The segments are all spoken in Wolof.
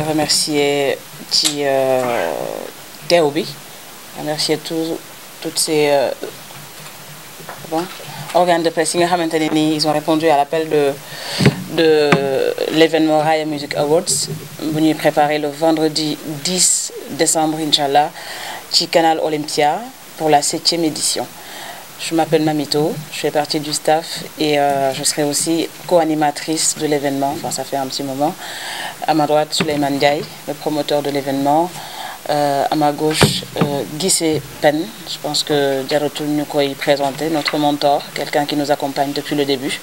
remercier ci euh, teew bi remercier tout toutes ces bon euh, organes de presse yi nga xamante ne ni ils ont répondu à l'appel de de l'événement Raya Music Awards bu ñuy préparer le vendredi 10 décembre inchallah ci Canal Olympia pour la septième édition je m'appelle Mamito je fais partie du staff et euh, je serai aussi co de l'événement enfin ça fait un petit moment à ma droite Ndiaye le promoteur de l'événement euh, à ma gauche euh, Pen je pense que jaratul ñu koy présenter notre mentor quelqu'un qui nous accompagne depuis le début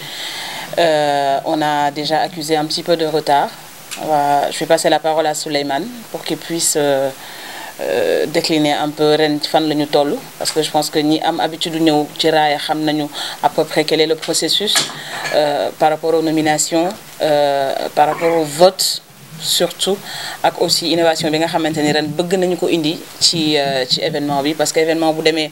Euh, on a déjà accusé un petit peu de retard. Voilà. je vais passer la parole à Souleyman pour qu'il puisse euh, euh, décliner un peu ren ci fan la ñu toll parce que je pense que ñi am habitude u ñëw ci raaya xam nañu à peu près quel est le processus euh, par rapport aux nominations par rapport au vote surtout ak aussi innovation bi nga xamante ni ren bëgg nañu ko indi ci euh, ci événement bi parce que événement bu demee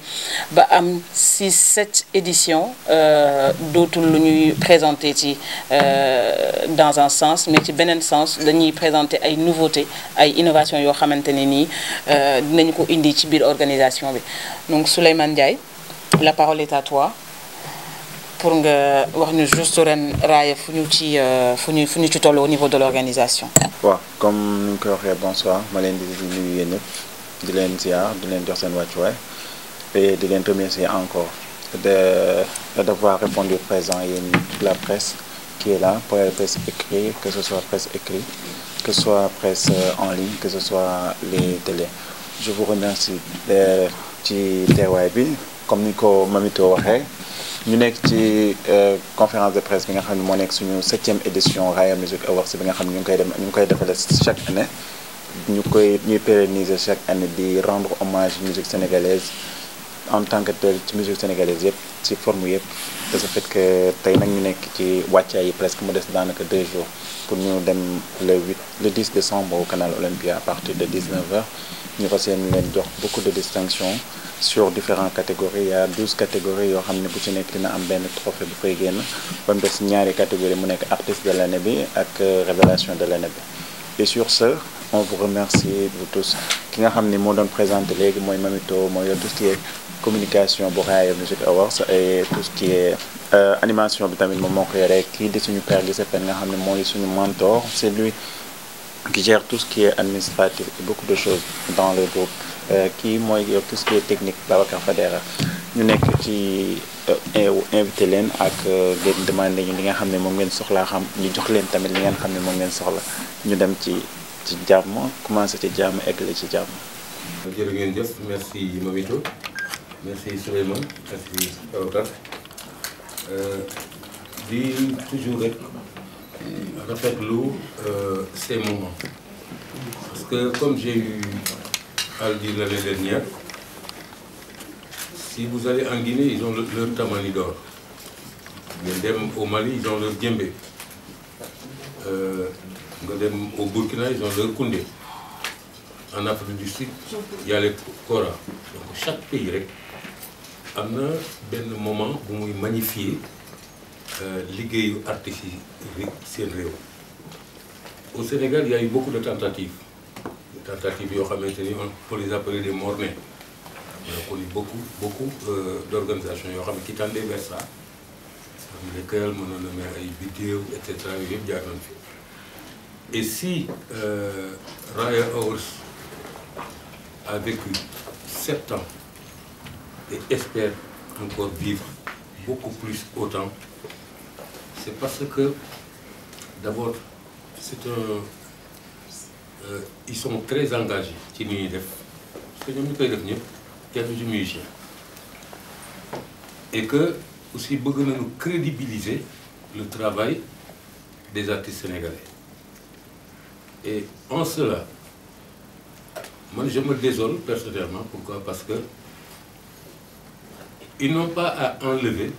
ba am si sept édition euh, dootul lu ñuy présenté ci euh, dans un sens mais ci beneen sens dañuy présenté ay nouveauté ay innovation yoo xamante ne nii dinañu ko indi ci biir organisation bi donc Souleymane Ndiaye la parole est à toi pour nga wax nu juste ren raaya fu ñu ci euh, fu ñu fu ñu ci toll au niveau de l'organisation. waaw comme ni ñu koy waxee bonsoir ma leen di nuyu yéen ñëpp di leen ziar di leen jox seen wàccuwaay et di leen remercier encore de d'avoir répondu présent yéen toute la presse qui est là pour la presse écrite que ce soit presse écrite que ce soit presse euh, en ligne que ce soit les télés je vous remercie euh, ci teewaay bi comme ni ko Mamito waxee. ñu nekk ci euh, conférence de presse bi nga xam ne moo nekk suñu septième édition Raaya Music Awards bi nga xam ne ñu ngi koy dem ñu ngi koy defale chaque année ñu koy ñuy pérenniser chaque année di rendre hommage musique sénégalaise en tant que tel ci musique sénégalaise yëpp ci forme yëpp de ce fait que tey nag ñu nekk ci wàccaay yi presque mu des daanaka deux jours pour ñu dem le 8 le 10 décembre au canal Olympia à partir de 19 heures ñu fas yéene leen jox beaucoup de distinction sur différentes catégories y a 12 catégories yoo xam ne bu ci nekk dina am benn trophée bu koy génn ba mu ñaari catégorie mu nekk artiste de ne bi ak euh, révélation de l'année bi et sur ce on vous remercie vous tous ki nga xam ni moo doon présenté léegi mooy Mamito mooy tout ce qui est communication bu Raaya Music Awards et tout ce qui euh, animation bi tamit moom moo ko yore kii di suñu père Giuseppe nga xam ne mooy suñu mentor c'est qui gère tout ce qui de choses le groupe euh, mooy yor euh, tout ce qui est technique Babacar Fadera ñu nekk ci euh, invité leen ak ngeen demandé ñu li nga xam ne moom ngeen soxlaa xam ñu jox leen tamit li ngeen xam ne moom ngeen soxla ñu dem ci ci jàmm commencé ci jàmm la ci jàmm. jërë ngeen jëf merci Mamito merci Souleymane merci rafetlu euh, ces moments parce que comme j'ai eu à le dire l'année dernière si vous allez en Guinée ils ont leur dem au Mali ils ont euh, nga dem au Burkina ils ont leur en Afrique du Sud il chaque pays rek am na benn moment bu muy magnifier Euh, liggéeyu artistes yi seen réew au Sénégal il y a eu beaucoup de tentatives tentatives yoo xamante ni on peut les mornais on a connu beaucoup beaucoup euh, d'organisations yoo xam ne qui tendaient vers ça na mel ay vidéo et cetera yooyu yëpp jaar fi et si euh, Raya Awards a vécu ans et encore vivre beaucoup plus autant c'est parce que d'abord c'est un euh, ils sont très engagés ci ni ñuy def parce que ñoom ñu koy def ñëpp kenn du musicien et que aussi bëgg nañu crédibiliser le travail des artistes sénégalais et en cela man je me désole personnellement pourquoi parce que ils n'ont pas à enlever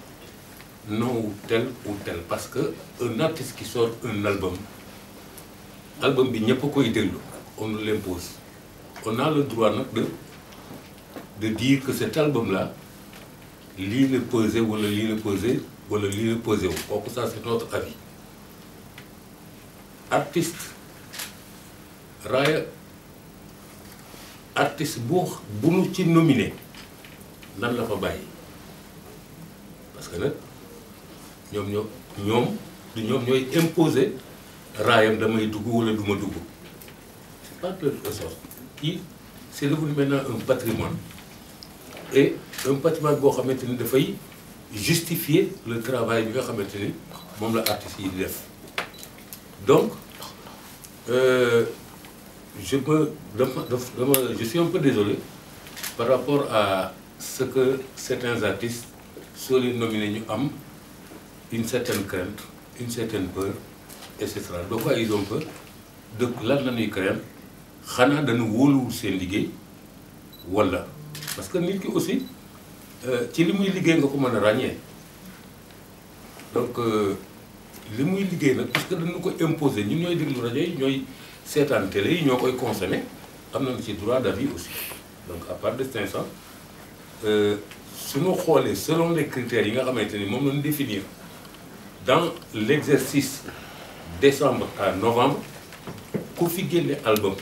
non ou tel ou parce que un artiste qui sort album album bi ñëpp koy déglu on nous l'impose on a la droit nag de de dire que cet album là lii la pesé wala lii la pesé wala lii la pesé wu kooku ça c'est notre avis artiste raaya artiste bu bu nu ci nominé nan la fa bàyyi parce que nag ñoom ñoo ñoom du ñoom ñooy imposer raayam damay dugg wala du ma dugg c'est pas de toute façon kii c'est un patrimoine et boo xamante ni dafay justifier le travail bi nga xamante ni moom la artistes yi di def donc euh, je me dama dama je suis un à ce que certains artistes soo leen nominé ñu am une certaine crainte une certaine peur et cetera donc quoi ils ont peur lan la ñuy craindre xanaa dañu wóoluwul seen liggéey walla parce que nit ki aussi euh, ci li muy liggéey nga ko mën a ràññee donc euh, li muy liggéey nag parce que dañu ko imposer ñun ñooy déglu rajo yi ñooy seetaan télé yi ñoo koy consommer am mu si droit d'avis aussi donc à part de 500 euh, su ñu xoolee selon les critères yi nga xamante ni moom la ñu définir. dans l'exercice décembre à novembre ku fi génne album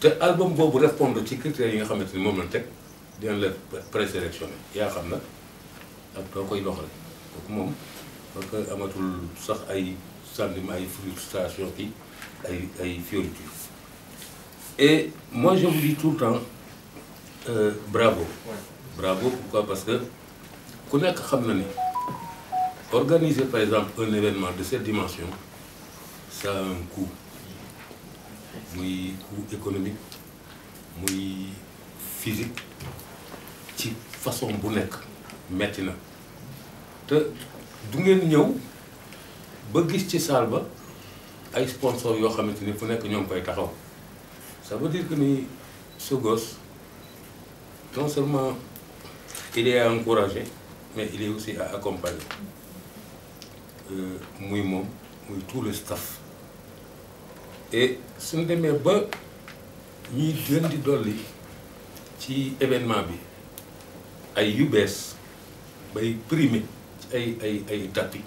te album boobu répondre ci critères yi nga xamante ni moom lañ teg dinañ la présélectionné yaa xam nag ak doo koy doxale kooku moom parce que amatul sax ay sànnim ay frustration ki ay ay fioriture et moi je vous tout le temps euh, bravo bravo parce que ku nekk xam na ni Organiser par exemple un événement de cette dimension, ça a un coût. muy coût économique muy physique ci façon bu nekk metti na te du ngeen ñëw ba gis ci saal ba ay sponsor yoo xamante ni fu nekk ñoom koy taxaw ça veut dire que ni ce gosse non seulement il est à encourager mais il est aussi à accompagner Euh, muy moom muy tout le staff et suñu demee ba ñuy gën di dolli ci événement bi ay yu bees bay primé ci ay ay ay tapis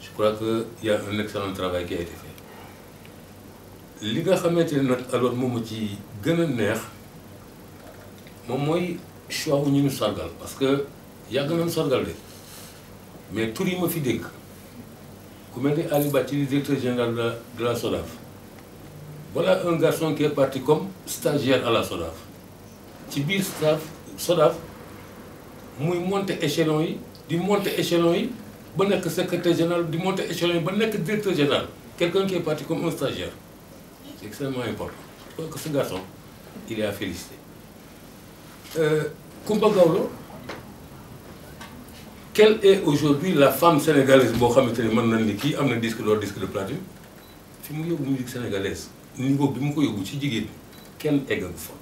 je crois que y a excellent travail qui a li nga xamante ne nag alors moom ci gën a neex moom mooy choix wu ñu ñu sargal parce que yàgg nañu sargal de mais tur ma fi dégg. ku mel ni Aliou Bathily directeur général de la de la SODAV voilà un garçon qui parti comme stagiaire à la SODAV ci biir SODAV SODAV muy monter échelon yi di monter échelon yi ba nekk secrétaire général di monter échelon yi ba nekk directeur général quelqu'un qui est parti comme un stagiaire c'est extrêmement important je crois que ce il est à féliciter Kumba euh, Gawlo quelle est aujourd'hui la femme sénégalaise boo xamante ne mën nañ ni kii am na disque d'or disque de platine fi mu yóbbu musique sénégalaise niveau bi mu ko yóbbu ci jigéen kenn eggagu fa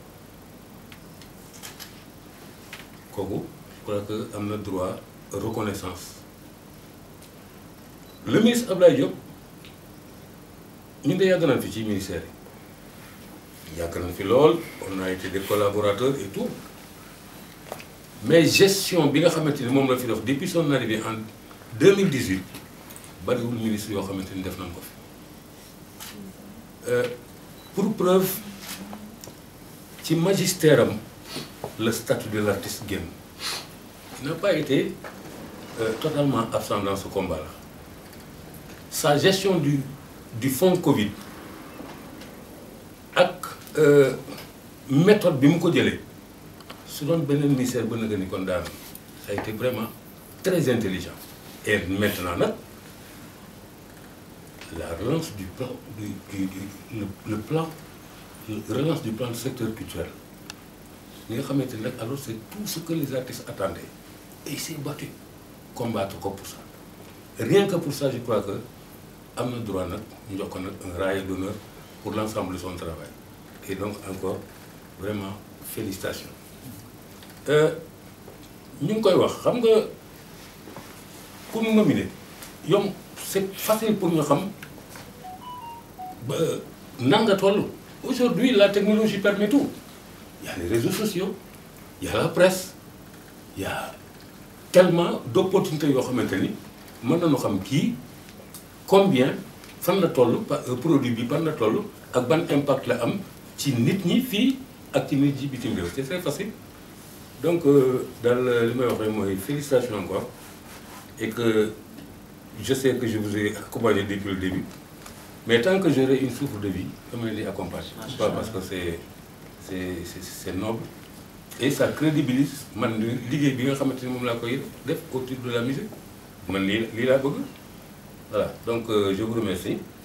kooku je am na droit reconnaissance le ministre ab Diop ñun de yàgg nañ fi ci ministère yi yàgg nañ fi lool on a été des collaborateurs et tout mais gestion bi nga xamante ni moom la fi def depuis son bi en 2018 bariwul ministre yoo xamante ni def nañ ko fi euh, pour preuve ci magistère am le statut de l'artiste génn n'a pas été euh, totalement absent dans ce combat-là sa gestion du du fonds Covid ak euh, bi mu ko jëlee su doon beneen ministère ba nga ni kon daal ay a vraiment très intelligent et maintenant nag la relance du plan du du du le, le plan relance du plan du secteur culturel li nga xamante ne nag alors c'est tout ce que les artistes attendaient et il s'est battu combattre ko pour rien que pour je crois que am na droit nag jox ko nag un rail pour l'ensemble de son travail et donc encore vraiment félicitations ñu ngi koy wax xam nga pour ñu nominer yomb c'est facile pour ñu xam ba nan nga toll aujourd'hui la technologie permet tout il y a les réseaux sociaux il la presse il y a tellement d'opportunités yoo xamante ni mën na nañu xam kii combien fan la toll euh, produit bi fan la toll ak ban impact la am ci nit ñi fii ak ci nit ñi bitim réew c'est très facile donc euh, dal euh, li may wax rek mooy félicitations encore et que je sais que je vous ai accompagné depuis le début mais tant que j'aurai une souffle de bi dama leen di accompagner. pas parce que c'est c'est c'est noble et ça crédibilise man liggéey bi nga xamante ni moom laa koy def autour de la musique bëgg voilà donc euh, je vous remercie.